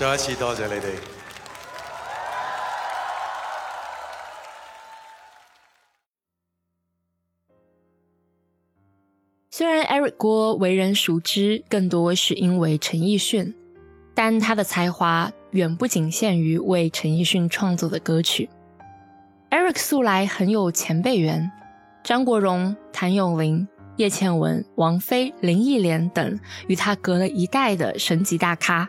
再一次多謝你哋。雖然 Eric 郭為人熟知更多，是因為陳奕迅，但他的才華遠不僅限於為陳奕迅創作的歌曲。Eric 素來很有前輩緣，張國榮、譚詠麟、葉倩文、王菲、林憶蓮等與他隔了一代的神級大咖。